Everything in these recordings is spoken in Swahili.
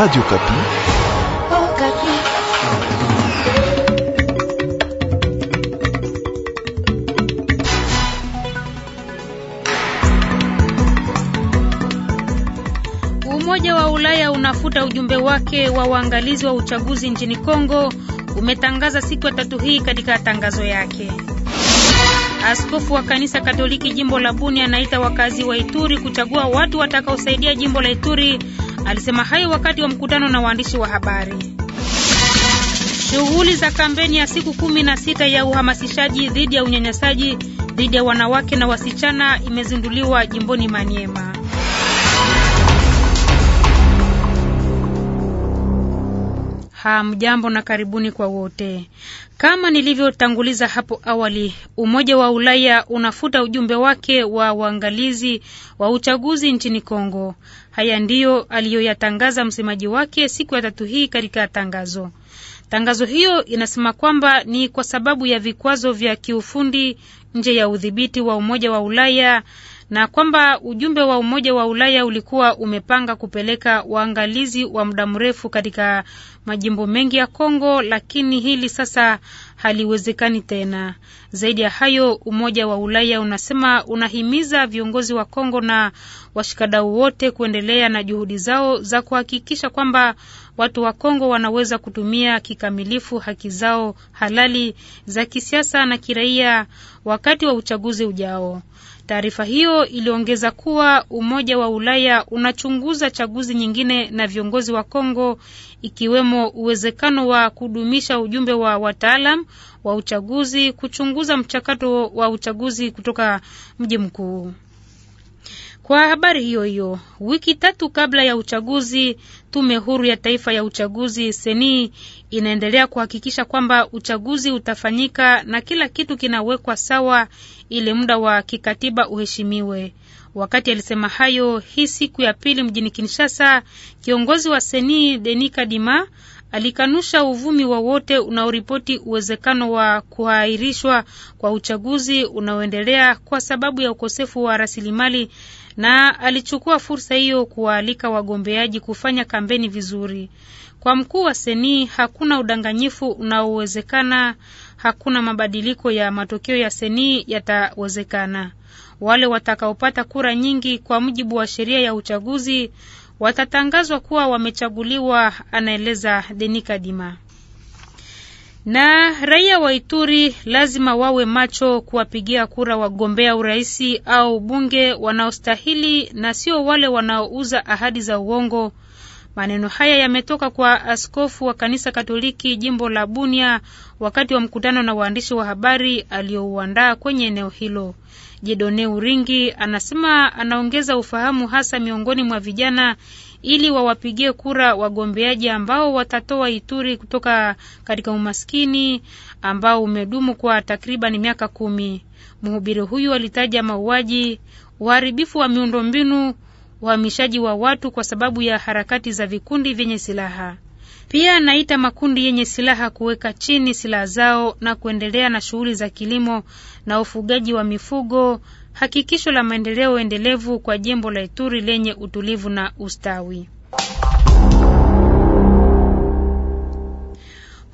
Radio Kapi. Oh, Kapi. Umoja wa Ulaya unafuta ujumbe wake wa waangalizi wa uchaguzi nchini Kongo umetangaza siku ya tatu hii katika tangazo yake. Askofu wa kanisa Katoliki jimbo la Buni anaita wakazi wa Ituri kuchagua watu watakaosaidia jimbo la Ituri Alisema hayo wakati wa mkutano na waandishi wa habari. Shughuli za kampeni ya siku kumi na sita ya uhamasishaji dhidi ya unyanyasaji dhidi ya wanawake na wasichana imezinduliwa jimboni Maniema. Hamjambo na karibuni kwa wote. Kama nilivyotanguliza hapo awali, Umoja wa Ulaya unafuta ujumbe wake wa uangalizi wa uchaguzi nchini Kongo. Haya ndiyo aliyoyatangaza msemaji wake siku ya tatu hii katika tangazo. Tangazo hiyo inasema kwamba ni kwa sababu ya vikwazo vya kiufundi nje ya udhibiti wa Umoja wa Ulaya na kwamba ujumbe wa Umoja wa Ulaya ulikuwa umepanga kupeleka waangalizi wa muda mrefu katika majimbo mengi ya Kongo, lakini hili sasa haliwezekani tena. Zaidi ya hayo, Umoja wa Ulaya unasema unahimiza viongozi wa Kongo na washikadau wote kuendelea na juhudi zao za kuhakikisha kwamba watu wa Kongo wanaweza kutumia kikamilifu haki zao halali za kisiasa na kiraia wakati wa uchaguzi ujao. Taarifa hiyo iliongeza kuwa Umoja wa Ulaya unachunguza chaguzi nyingine na viongozi wa Kongo, ikiwemo uwezekano wa kudumisha ujumbe wa wataalam wa uchaguzi kuchunguza mchakato wa uchaguzi kutoka mji mkuu. Kwa habari hiyo hiyo, wiki tatu kabla ya uchaguzi, tume huru ya taifa ya uchaguzi seni inaendelea kuhakikisha kwamba uchaguzi utafanyika na kila kitu kinawekwa sawa ili muda wa kikatiba uheshimiwe. Wakati alisema hayo hii siku ya pili mjini Kinshasa, kiongozi wa seni Denis Kadima alikanusha uvumi wowote unaoripoti uwezekano wa kuahirishwa kwa uchaguzi unaoendelea kwa sababu ya ukosefu wa rasilimali na alichukua fursa hiyo kuwaalika wagombeaji kufanya kampeni vizuri. Kwa mkuu wa seni, hakuna udanganyifu unaowezekana, hakuna mabadiliko ya matokeo ya seni yatawezekana. Wale watakaopata kura nyingi kwa mujibu wa sheria ya uchaguzi watatangazwa kuwa wamechaguliwa, anaeleza Denika kadima na raia wa Ituri lazima wawe macho kuwapigia kura wagombea urais au bunge wanaostahili na sio wale wanaouza ahadi za uongo. Maneno haya yametoka kwa askofu wa kanisa Katoliki jimbo la Bunia wakati wa mkutano na waandishi wa habari aliyouandaa kwenye eneo hilo. Jedone Uringi anasema anaongeza ufahamu hasa miongoni mwa vijana ili wawapigie kura wagombeaji ambao watatoa Ituri kutoka katika umaskini ambao umedumu kwa takriban miaka kumi. Mhubiri huyu alitaja mauaji, uharibifu wa miundombinu, uhamishaji wa watu kwa sababu ya harakati za vikundi vyenye silaha. Pia anaita makundi yenye silaha kuweka chini silaha zao na kuendelea na shughuli za kilimo na ufugaji wa mifugo hakikisho la maendeleo endelevu kwa jimbo la Ituri lenye utulivu na ustawi.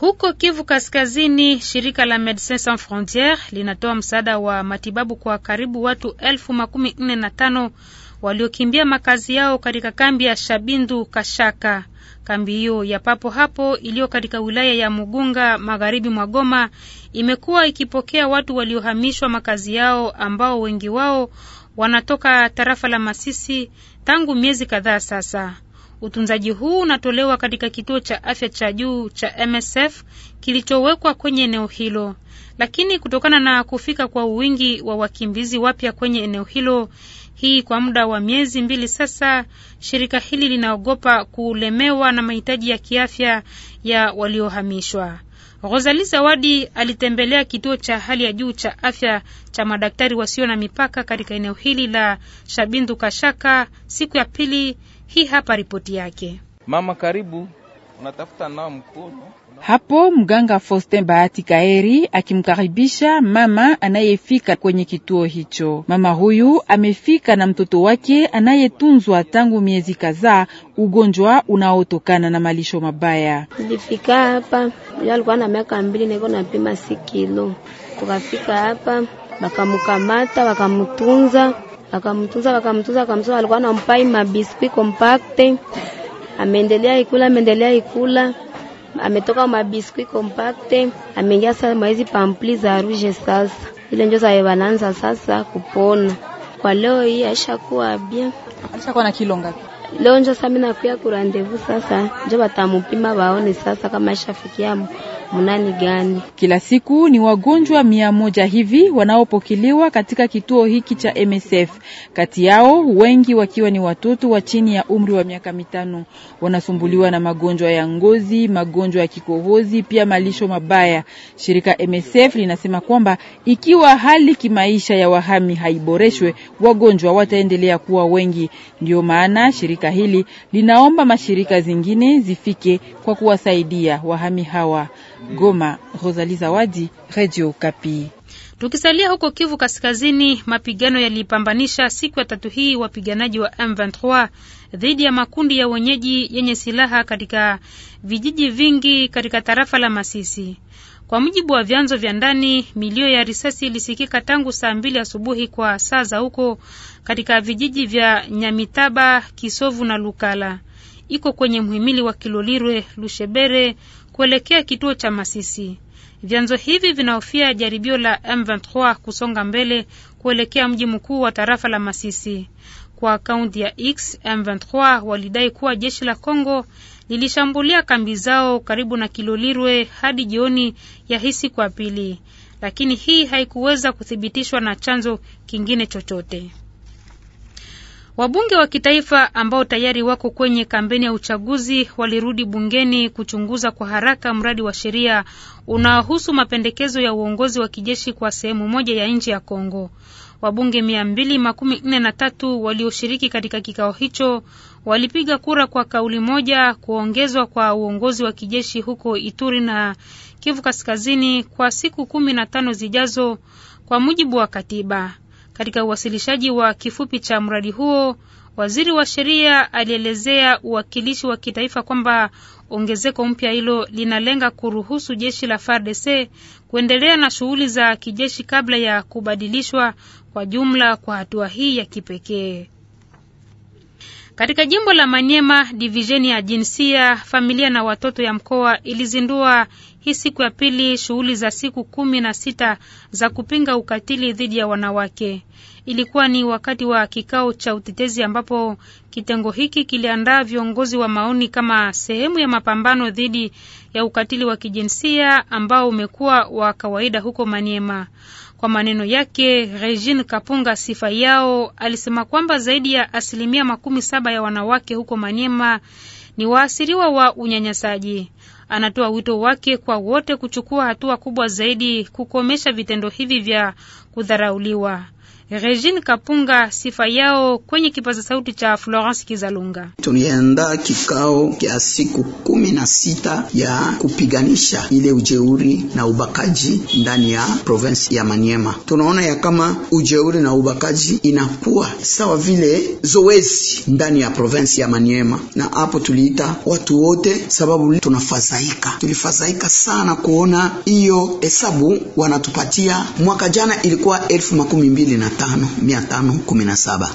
Huko Kivu Kaskazini, shirika la Medecins Sans Frontieres linatoa msaada wa matibabu kwa karibu watu elfu makumi nne na tano waliokimbia makazi yao katika kambi ya Shabindu Kashaka. Kambi hiyo ya papo hapo iliyo katika wilaya ya Mugunga magharibi mwa Goma imekuwa ikipokea watu waliohamishwa makazi yao ambao wengi wao wanatoka tarafa la Masisi tangu miezi kadhaa sasa. Utunzaji huu unatolewa katika kituo cha afya cha juu cha MSF kilichowekwa kwenye eneo hilo, lakini kutokana na kufika kwa wingi wa wakimbizi wapya kwenye eneo hilo hii kwa muda wa miezi mbili sasa, shirika hili linaogopa kulemewa na mahitaji ya kiafya ya waliohamishwa. rosali Zawadi alitembelea kituo cha hali ya juu cha afya cha madaktari wasio na mipaka katika eneo hili la Shabindu Kashaka siku ya pili hii. Hapa ripoti yake. Mama, karibu unatafuta nao mkono. Hapo mganga Faustin Bahati Kaeri akimkaribisha mama anayefika kwenye kituo hicho. Mama huyu amefika na mtoto wake anayetunzwa tangu miezi kadhaa, ugonjwa unaotokana na malisho mabaya. Nilifika hapa alikuwa na miaka mbili, niko napima si kilo, tukafika hapa wakamkamata, wakamtunza, wakamtunza, wakamtunza, wakamtunza, alikuwa nampai mabiskuit compacte ameendelea ikula, ameendelea ikula, ametoka mabiskuit compacte, ameingia sasa maizi pampli za rouge. Sasa ile ndio sasa wanaanza sasa kupona. Kwa leo hii aisha kuwa bien, aisha kuwa na kilo ngapi? leo lonjo sami nakuya kurandevu sasa, njo batamupima baone sasa kama ishafikia munani gani. Kila siku ni wagonjwa mia moja hivi wanaopokiliwa katika kituo hiki cha MSF, kati yao wengi wakiwa ni watoto wa chini ya umri wa miaka mitano. Wanasumbuliwa na magonjwa ya ngozi, magonjwa ya kikohozi, pia malisho mabaya. Shirika MSF linasema kwamba ikiwa hali kimaisha ya wahami haiboreshwe, wagonjwa wataendelea kuwa wengi. Ndio maana shirika shirika hili linaomba mashirika zingine zifike kwa kuwasaidia wahami hawa. Goma, Rosalie Zawadi, Radio Kapi. Tukisalia huko Kivu Kaskazini, mapigano yalipambanisha siku ya tatu hii wapiganaji wa M23 dhidi ya makundi ya wenyeji yenye silaha katika vijiji vingi katika tarafa la Masisi. Kwa mujibu wa vyanzo vya ndani, milio ya risasi ilisikika tangu saa mbili asubuhi kwa saa za huko katika vijiji vya Nyamitaba, Kisovu na Lukala. Iko kwenye mhimili wa Kilolirwe Lushebere kuelekea kituo cha Masisi. Vyanzo hivi vinahofia jaribio la M23 kusonga mbele kuelekea mji mkuu wa tarafa la Masisi. Kwa akaunti ya X, M23 walidai kuwa jeshi la congo lilishambulia kambi zao karibu na Kilolirwe hadi jioni ya hii siku ya pili, lakini hii haikuweza kuthibitishwa na chanzo kingine chochote. Wabunge wa kitaifa ambao tayari wako kwenye kampeni ya uchaguzi walirudi bungeni kuchunguza kwa haraka mradi wa sheria unaohusu mapendekezo ya uongozi wa kijeshi kwa sehemu moja ya nchi ya Kongo. Wabunge mia mbili makumi nne na tatu walioshiriki katika kikao hicho walipiga kura kwa kauli moja kuongezwa kwa uongozi wa kijeshi huko Ituri na Kivu Kaskazini kwa siku kumi na tano zijazo kwa mujibu wa katiba. Katika uwasilishaji wa kifupi cha mradi huo, waziri wa sheria alielezea uwakilishi wa kitaifa kwamba ongezeko mpya hilo linalenga kuruhusu jeshi la FARDC kuendelea na shughuli za kijeshi kabla ya kubadilishwa kwa jumla kwa hatua hii ya kipekee. Katika jimbo la Manyema, divisheni ya jinsia, familia na watoto ya mkoa ilizindua hii siku ya pili shughuli za siku kumi na sita za kupinga ukatili dhidi ya wanawake. Ilikuwa ni wakati wa kikao cha utetezi ambapo kitengo hiki kiliandaa viongozi wa maoni kama sehemu ya mapambano dhidi ya ukatili wa kijinsia ambao umekuwa wa kawaida huko Manyema. Kwa maneno yake, Regine Kapunga sifa yao alisema kwamba zaidi ya asilimia makumi saba ya wanawake huko Maniema ni waasiriwa wa unyanyasaji. Anatoa wito wake kwa wote kuchukua hatua kubwa zaidi kukomesha vitendo hivi vya kudharauliwa. Regine Kapunga sifa yao kwenye kipaza sauti cha Florence Kizalunga. tulienda kikao kya siku kumi na sita ya kupiganisha ile ujeuri na ubakaji ndani ya province ya Maniema. Tunaona ya kama ujeuri na ubakaji inakuwa sawa vile zoezi ndani ya province ya Maniema, na hapo tuliita watu wote, sababu tunafadhaika, tulifadhaika sana kuona hiyo hesabu wanatupatia. Mwaka jana ilikuwa elfu makumi mbili na tano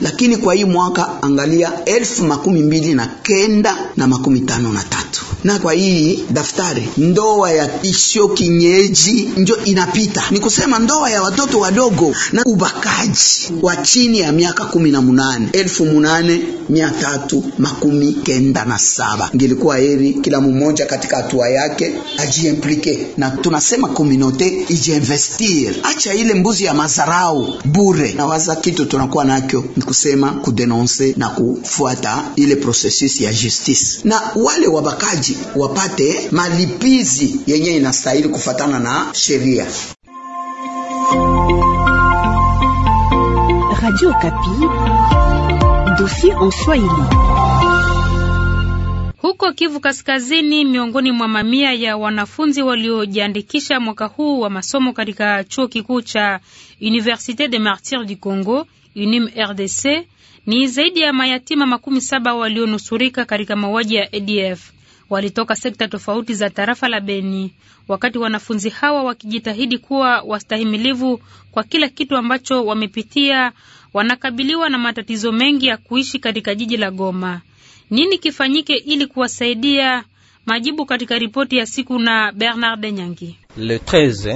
lakini kwa hii mwaka angalia elfu makumi mbili na kenda na makumi tano na tatu na kwa hii daftari ndoa ya isio kinyeji njo inapita, ni kusema ndoa ya watoto wadogo na ubakaji wa chini ya miaka kumi na munane elfu munane mia tatu makumi kenda na saba. Ngilikuwa heri kila mmoja katika hatua yake ajiimplike, na tunasema kominote ijiinvestir, acha ile mbuzi ya mazarau bure. Nawaza kitu tunakuwa nakyo ni kusema kudenonse na kufuata ile processus ya justice na wale wabakaji wananchi wapate malipizi yenye inastahili kufatana na sheria. Radio Kapi, dofi en Swahili. Huko Kivu Kaskazini, miongoni mwa mamia ya wanafunzi waliojiandikisha mwaka huu wa masomo katika chuo kikuu cha Universite des Martyrs du Congo UNIM RDC ni zaidi ya mayatima makumi saba walionusurika katika mauaji ya ADF walitoka sekta tofauti za tarafa la Beni. Wakati wanafunzi hawa wakijitahidi kuwa wastahimilivu kwa kila kitu ambacho wamepitia, wanakabiliwa na matatizo mengi ya kuishi katika jiji la Goma. Nini kifanyike ili kuwasaidia? Majibu katika ripoti ya siku na Bernard Nyangi le 13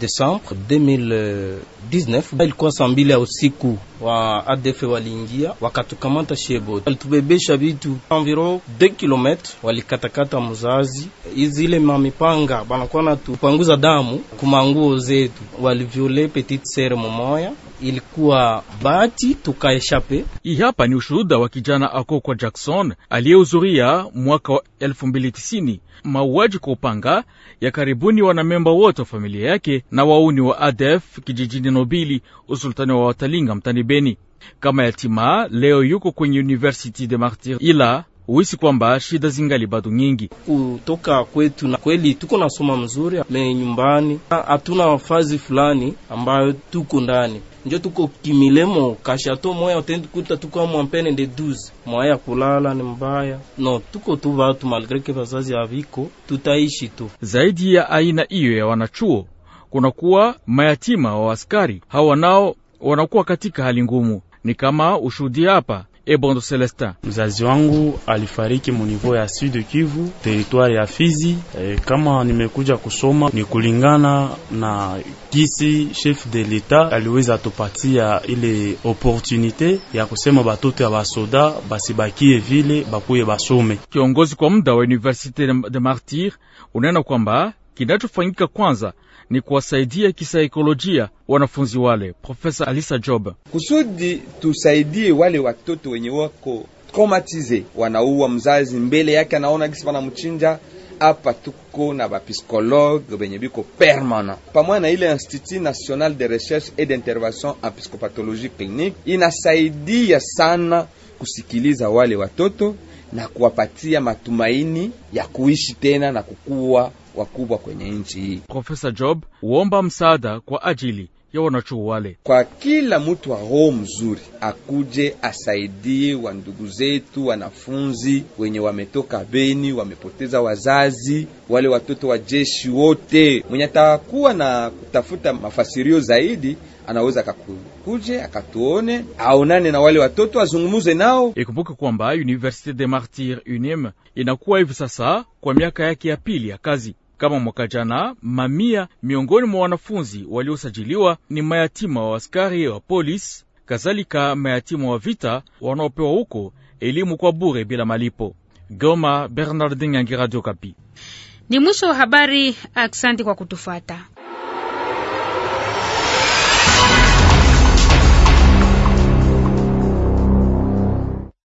décembre 2019 ilikuwa saa mbili ya usiku, wa ADF waliingia wakatukamata Shebo, walitubebesha vitu environ 2 km, walikatakata mzazi izile mamipanga banakuwa natupanguza damu kumanguo zetu, waliviole petite sere momoya ilikuwa bati tukaeshape. Hii hapa ni ushuhuda wa kijana Akokwa Jackson aliyehudhuria mwaka wa 2009 mauaji kwa upanga ya karibuni wanamemba wanamemba wote wa familia yake na wauni wa ADF kijijini Nobili, usultani wa Watalinga mtani Beni. Kama yatima leo yuko kwenye University de Martyr, ila uisi kwamba shida zingali bado nyingi kutoka kwetu. Na kweli tuko nasoma mzuri me nyumbani, hatuna wafazi fulani ambayo tuko ndani njo tuko kimilemo kashato moya utendikuta tuko mwampene de 12 mwaya ya kulala ni mbaya no tuko tu vatu malgre ke vazazi aviko tutaishi tu. Zaidi ya aina iyo ya wanachuo kunakuwa mayatima wa askari hawa, nao wanakuwa katika hali ngumu, ni kama ushuhudi hapa Ebondo eh, Celestin. Mzazi wangu alifariki munivou ya Sud Kivu, teritware ya Fizi. E, kama nimekuja kusoma ni kulingana na kisi chef de l'etat aliweza tupatia ile opportunite ya kusema batoto ya basoda basibakie vile bakuye basome. Kiongozi kwa muda wa université de Martyr unena kwamba Kinachofanyika kwanza ni kuwasaidia kisaikolojia wanafunzi wale. Profesa Alisa Job: kusudi tusaidie wale watoto wenye wako traumatize, wanauwa mzazi mbele yake, anaona gisi wanamchinja hapa tuko na bapsikologe benye biko permanent pamoja na ile Institut National de Recherche et d'Intervention en Psychopathologie Clinique inasaidia sana kusikiliza wale watoto na kuwapatia matumaini ya kuishi tena na kukua wakubwa kwenye nchi hii. Profesa Job huomba msaada kwa ajili ya wanachuo wale, kwa kila mtu wa roho mzuri akuje asaidie wa ndugu zetu wanafunzi wenye wametoka Beni, wamepoteza wazazi, wale watoto wa jeshi wote. Mwenye atakuwa na kutafuta mafasirio zaidi anaweza akakuje akatuone, aonane na wale watoto, azungumuze nao. Ikumbuke kwamba Universite de Martyr UNIM inakuwa hivi sasa kwa miaka yake ya pili ya kazi. Kama mwaka jana, mamia miongoni mwa wanafunzi waliosajiliwa ni mayatima wa askari wa polisi, kadhalika mayatima wa vita wanaopewa huko elimu kwa bure bila malipo. Goma, Bernardin Yangi, Radio Kapi. Ni mwisho wa habari. Asante kwa kutufata.